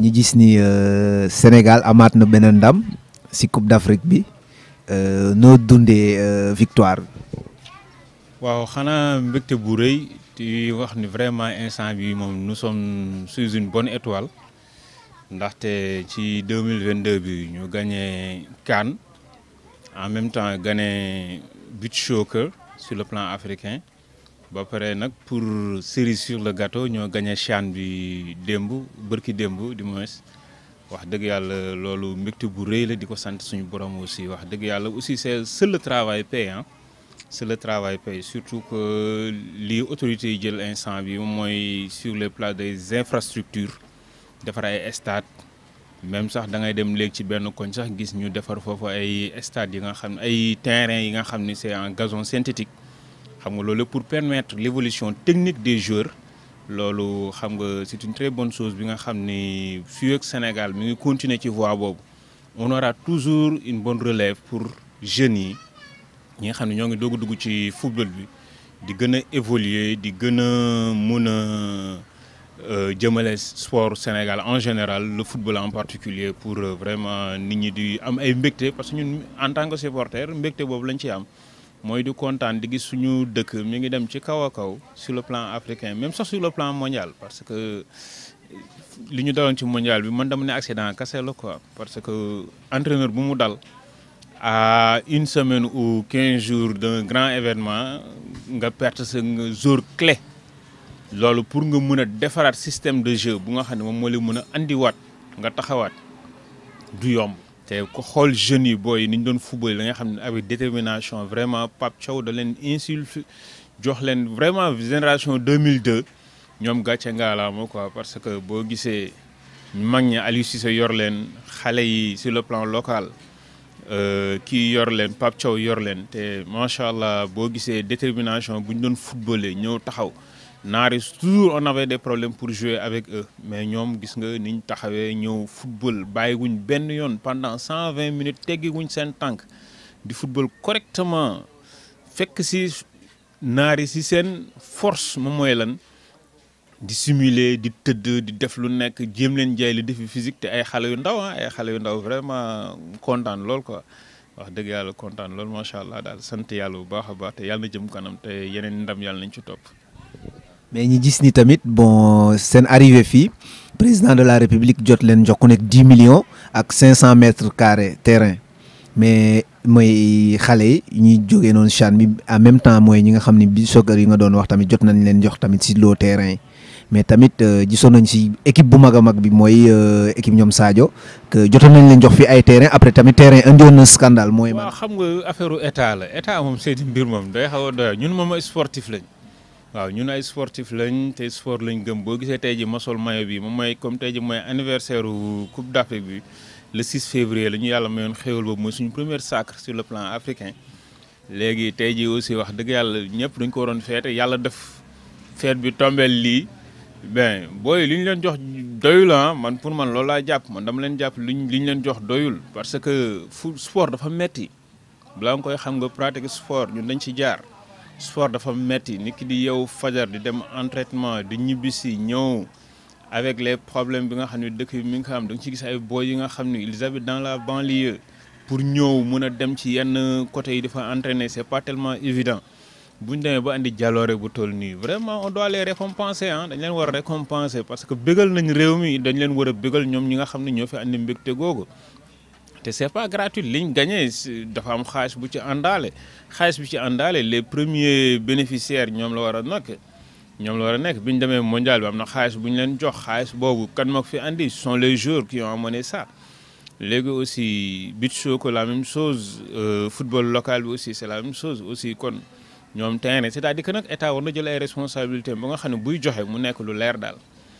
ñu gis ni euh, Sénégal amaat na beneen ndam si Coupe d'Afrique bi euh, noo dundee euh, victoire. waaw xanaa mbégte bu rëy di wax ni vraiment instant bi moom nous sommes sous une bonne étoile ndaxte ci 2022 bi ñu gagné CAN en même temps gagné but soccer sur le plan africain ba paré nak pour cerise sur le gâteau ñoo gagné chan bi dembu barki dembu du moins wax deug yalla lolu mbégte bu rëy la diko sante suñu borom aussi wax deug yalla aussi c'est seul le travail paye hein c'est le travail paye surtout que li autorité jël instant bi moy sur les plats des infrastructures defar ay stade même sax da ngay dem lég ci benn koñ sax gis ñu defar foofu ay stade yi nga xam ay terrain yi nga xam ne c'est en gazon synthétique pour permettre l'évolution technique des joueurs c'est une très bonne chose Si nga xam au Sénégal continuer on aura toujours une bonne relève pour jeunes yi avons nga xam ne ngi football bi di évolué, évoluer di gën a mun euh, sport Sénégal en général le football en particulier pour euh, vraiment nous ñi parce que ñun en tant que supporter nous boobu lañ moy di content di gis suñu dëkk mi ngi dem ci sur le plan africain même sur le plan mondial parce que l'union ñu daloon ci mondial bi man dama à accident kase lo quoi parce que entraîneur bu mu dal à une semaine ou 15 jours d'un grand événement nga perte ce jour clé pour nga mën a système de jeu bu nga xamné mom mo moo lay andi a nga taxawat du yomb c'est ku xool jeunes yi booy ni doon football la nga xam avec détermination vraiment pap Thiaw da len insulte jox len vraiment génération 2002 ñoom gàcce ngaalaama quoi parce que bo gissé magni ali Aliou Cissé yor len xalé yi sur le plan local qui euh, yor len pap Thiaw yor len te machallah bo gissé détermination buñ ñu doon footballé ñeu taxaw naari toujours on avait des problèmes pour jouer avec eux mais ñoom gis nga niñ taxawé taxawee football football bàyyiwuñ ben yon pendant 120 minutes téggu teggiwuñ sen tank di football correctement fekk si naari si sen force mo moy lan di simuler di teud di def lu nek jëm leen jey li défi physique té ay xalé yu ndaw ah, ay xalé yu ndaw vraiment content, lool quoi wax dëgg yàlla content, lool machallah dal daal sant yàlla bu baax baax té yàlla na jëm kanam té yeneen ndam yàlla nañ ci top mais nous gis ni tamit bon arrivé président de la république jot len jox 10 millions ak 500 mètres carrés terrain mais moy en même temps nous ñi nga xamni yi nga doon wax tamit jot nañ len jox tamit terrain mais tamit euh, gisoon nañ nous équipe euh, équipe que terrain après tamit terrain scandale moy man xam nga affaire état la état mom mbir xaw sportif waaw ñun ay sportif lañ te sport lañ gëm boo gisee tey ji ma sol maillot bi moom mooy comme tey ji mooy anniversaire coupe d'Afrique bi le la ñu yàlla mayoon xéwal boobu mooy suñu première sacre sur le plan africain léegi tey ji aussi wax dëgg yàlla ñëpp dañ ko waroon feete yàlla def feet bi tombel lii ben booy li ñu leen jox doyul ah man pour man loolu laa jàpp man dama leen jàpp luñ li ñu leen jox doyul parce que fu sport dafa metti balaa nga koy xam nga pratique sport ñun dañ ci jaar sport dafa metti nit ki di yow fajar di dem entraînement di ñibisi ñew avec les problèmes bi nga xamni ne dëkk bi mi nga xam am ci gis ay boy yi nga xamni ils habitent dans la banlieue pour ñew mëna dem ci yenn côté yi dafa entraîner c'est pas tellement évident buñ ñu demee ba andi jaloore bu toll nii vraiment on doit les récompenser ah dañ leen war a récompenser parce que bégal nañ réew mi dañ leen war a bégal ñoom ñi nga xam ne ñoo fi andi mbégte googu te c'est pas gratuit li ñu gagné dafa am xaalis bu ci àndaale xaalis bu ci àndaale les premiers bénéficiaires ñoom la war a nekk ñoom la war a nekk bi mondial bi am na xaalis bu ñu leen jox xaalis boobu kan moo ko fi andi ce sont les jours qui ont amené ça léegi aussi beach soccer la même chose euh, football local bi aussi c'est la même chose aussi kon ñoom terrain c'est-à-dire que nag état war na jël ay responsabilités ba nga xam ne buy joxe mu nekk lu leer daal.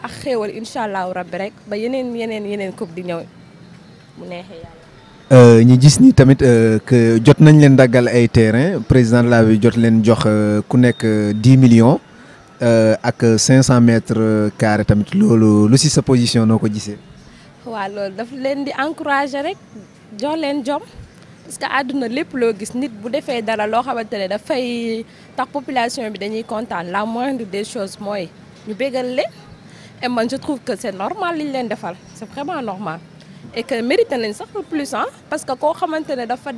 ak xéewal incha allahu rabbi rek ba yenen yenen yenen coupe di ñew mu yalla euh ñu gis ni tamit euh que jot nañ leen daggal ay terrain président de la bi jot leen jox euh, ku nekk 10 euh, millions euh ak 500 mètres euh, carrés tamit lolu lu ci sa position noko gissé wa lolu daf leen di encourager rek jox leen jom parce que aduna lepp lo gis nit bu defee dara lo xamantene da fay tax population bi dañuy kontaan la moindre des choses moy ñu bégal leen. Et moi, je trouve que c'est normal, Defal C'est vraiment normal. Et que mérite ça plus, hein? Parce que quand on a fait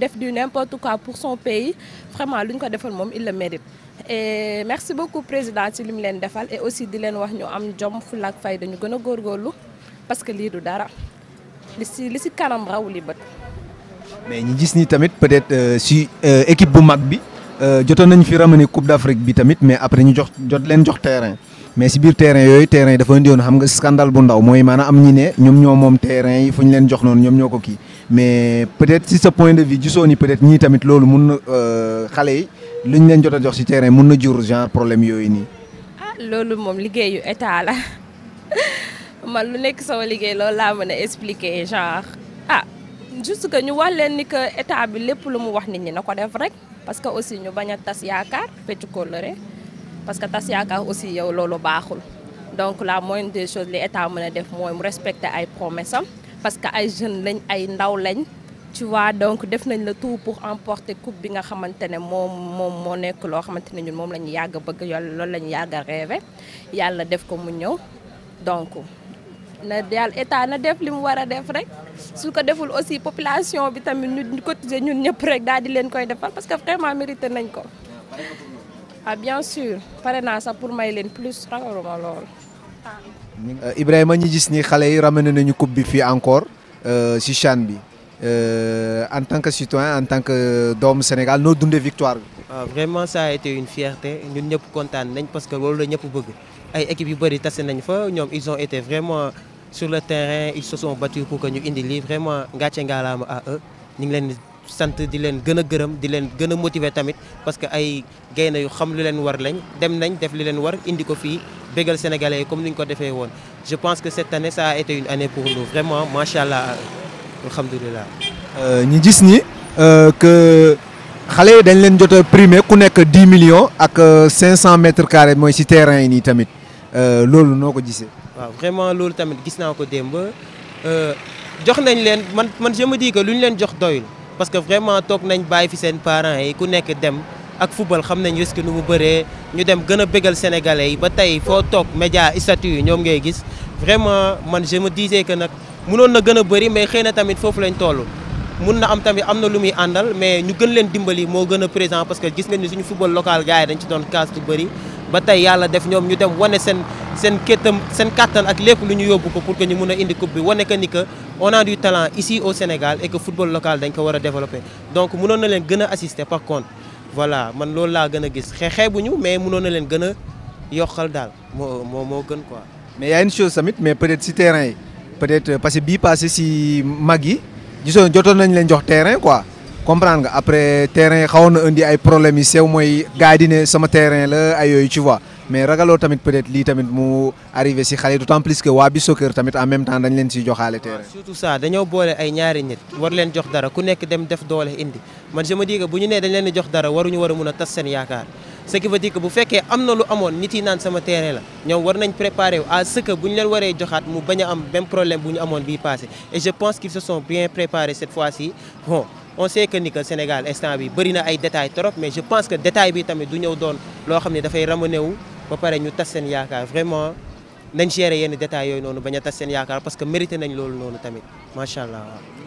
des du n'importe quoi pour son pays, vraiment, il le mérite. Et merci beaucoup, Président, de l'Union Defal. Et aussi, de l'Union, Am avons un job fay de nous parce que lii du dara li si li si kanam raw li bët. mais ñu gis ni tamit peut-être euh, si euh, équipe bu mag bi euh, jotoon nañu fi ramener coupe d'Afrique bi tamit mais après ñu jox jot leen jox terrain. mais si biir terrain yooyu terrain yi dafa indiwoon xam nga scandale bu ndaw mooy maanaam am ñi ne ñoom ñoo moom terrain yi fu ñu leen jox noonu ñoom ñoo ko kii mais peut-être si sa point de vue gisoo ni peut-être ñii tamit loolu mun na euh, xale yi lu ñu leen jot a jox si terrain mun na jur genre problème yooyu nii. ah loolu moom liggéeyu état la man lu nekk sama liggéey loolu laa mën a expliquer genre ah juste que ñu wax leen ni que état bi lépp lu mu wax nit ñi na ko def rek parce que aussi ñu bañ a tas yaakaar fecc kóllëre parce que tas yaakaar aussi yow loolu baaxul donc la moindre des choses li état mën a def mooy mu respecter ay promesse am parce que ay jeunes lañ ay ndaw lañ tu vois donc def nañ la tout pour emporter coupe bi nga xamante ne moom moom moo nekk loo xamante ne ñun moom la ñu yàgg bëgg loolu la ñu yàgg a yàlla def ko mu ñëw donc na daal état na def li mu war a def rek su ko deful aussi population bi tamit ñu cotiser ñun ñëpp rek daal di leen koy defal parce que vraiment mérité nañ ko ah bien sûr pare ça pour may plus ragaluma lool. Euh, Ibrahima ñi gis ni xalé yi ramené nañu coupe bi fi encore si euh, CHAN bi euh, en tant que citoyen en tant que d'homme Sénégal nous donnons victoire victoires. Ah, vraiment ça a été une fierté ñun sommes kontaan nañ parce que nous la ñëpp bëgg ay équipe yu bari tassé nañ fa ñom ils ont été vraiment sur le terrain ils se sont battus pour que nous indi vraiment ngàcce ngaalaama à eux santé di len gëna a gërëm di len gëna motiver tamit parce que ay gayna yu xam lu len war lañ dem nañ def li len war indi ko fi bégal sénégalais comme niñ ko défé woon. je pense que cette année ça a été une année pour nous vraiment machallah alhamdoulillah euh ñi gis ni euh, que xalé dañ leen jotté primé ku nek 10 millions ak 500 euh, mètres carrés moy ci terrain yi nii tamit euh lolu noko gissé waaw vraiment lolu tamit gis naa ko euh jox nañ leen man man je me dis que luñ ñu leen jox doyul parce que vraiment tok nañ bàyyi fi sen parents yi ku nek dem ak football xam nañ risque nu mu beure ñu dem gëna a bégal sénégalais yi ba tay fo tok média statut ñom ngay gis vraiment man je me disais que nag mënoon na gëna a bëri mais xeyna tamit fofu lañ toll. mun na am tamit amna lu muy andal mais ñu gën leen dimbali mo gëna présent parce que gis nga ni suñu football local gaay dañ ci don casse bu bëri ba yalla def ñom ñu dem wone sen sen kéttam sen kàttan ak lepp lu ñu yobbu ko pour que ñu mëna indi coupe bi wone que ni que on a du talent ici au Sénégal et que football local dañ ko wara développer donc mënon na leen gëna assister par contre voilà man lool la gëna gis xeexee bu ñu mais mënon na leen gëna a dal mo mo, mo gën quoi. mais y a une chose samit mais peut-être si terrain peut-être parce que bii passé si mag yi gisoon jotoon nañ leen jox terrain quoi comprendre nga après terrain xawna na indi ay problème yi sew moy gardiner ne sama terrain la ay yooyu tu vois mais ragalo tamit peut-être li tamit mu arrivé si xale d'autant plus que wa bi soccer tamit en même temps dañ leen ci joxale terrain. surtout ça dañoo bolé ay ñaari nit war leen jox dara ku nekk dem def doole indi man je me dis que buñu né dañ leen di jox dara waruñu war a mun a tas yaakaar ce qui veut dire que bu fekkee amna lu amone nit yi nan sama terrain la ñom war nañ préparer à ce que buñ leen waré joxat mu baña am même problème bu amone bi passé et je pense qu'ils se sont bien préparés cette fois-ci bon on sait que ni que Sénégal instant bi bari na ay détails trop mais je pense que détail bi tamit du ñëw doon lo xam da fay ramené wu ba paré ñu tass sen yaakaar vraiment nañ gérer yenn détails yoy nonu bañ a tas seen yaakaar parce que mérité nañ lolu nonu tamit machallah